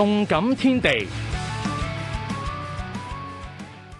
動感天地。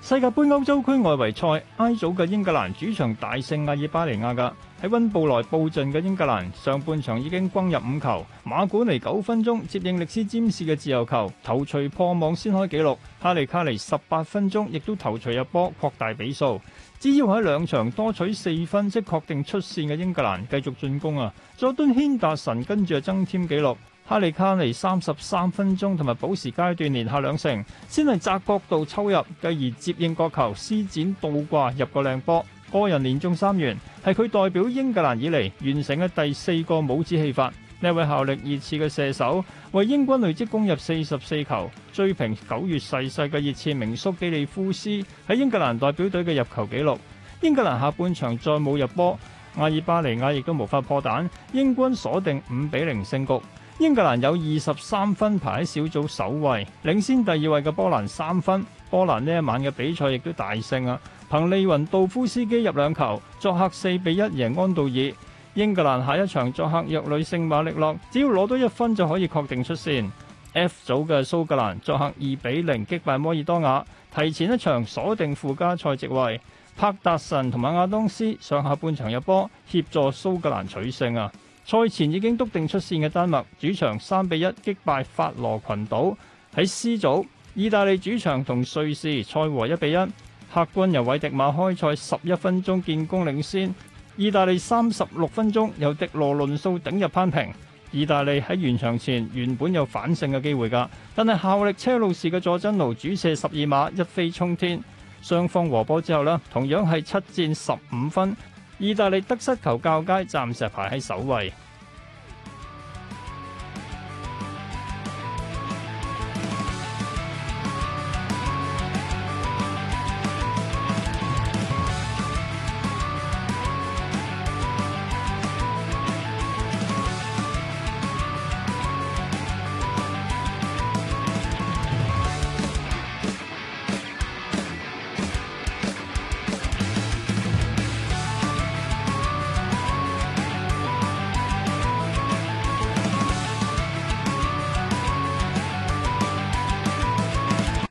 世界盃歐洲區外圍賽，I 組嘅英格蘭主場大勝阿爾巴尼亞噶。喺温布萊布陣嘅英格蘭，上半場已經攻入五球。馬古尼九分鐘接應力史占士嘅自由球頭槌破網先開紀錄。哈利卡尼十八分鐘亦都頭槌入波擴大比數。只要喺兩場多取四分，即確定出線嘅英格蘭繼續進攻啊！佐敦軒達臣跟住又增添紀錄。哈利卡尼三十三分鐘同埋補時階段連下兩成，先係窄角度抽入，繼而接應角球施展倒掛入個靚波，個人連中三元係佢代表英格蘭以嚟完成嘅第四個帽子戲法。呢位效力熱刺嘅射手為英軍累積攻入四十四球，追平九月逝世嘅熱刺名宿基利夫斯喺英格蘭代表隊嘅入球紀錄。英格蘭下半場再冇入波，亞爾巴尼亞亦都無法破蛋，英軍鎖定五比零勝局。英格蘭有二十三分排喺小組首位，領先第二位嘅波蘭三分。波蘭呢一晚嘅比賽亦都大勝啊，憑利雲杜夫斯基入兩球，作客四比一贏安道爾。英格蘭下一場作客弱旅聖馬力諾，只要攞到一分就可以確定出線。F 組嘅蘇格蘭作客二比零擊敗摩爾多瓦，提前一場鎖定附加賽席位。柏達神同埋亞當斯上下半場入波，協助蘇格蘭取勝啊！賽前已經篤定出線嘅丹麥主場三比一擊敗法羅群島喺 C 組，意大利主場同瑞士賽和一比一，客軍由韋迪馬開賽十一分鐘建功領先，意大利三十六分鐘由迪羅倫索頂入攀平，意大利喺完場前原本有反勝嘅機會噶，但係效力車路士嘅佐真奴主射十二碼一飛沖天，雙方和波之後咧，同樣係七戰十五分。意大利得失球較佳，暫時排喺首位。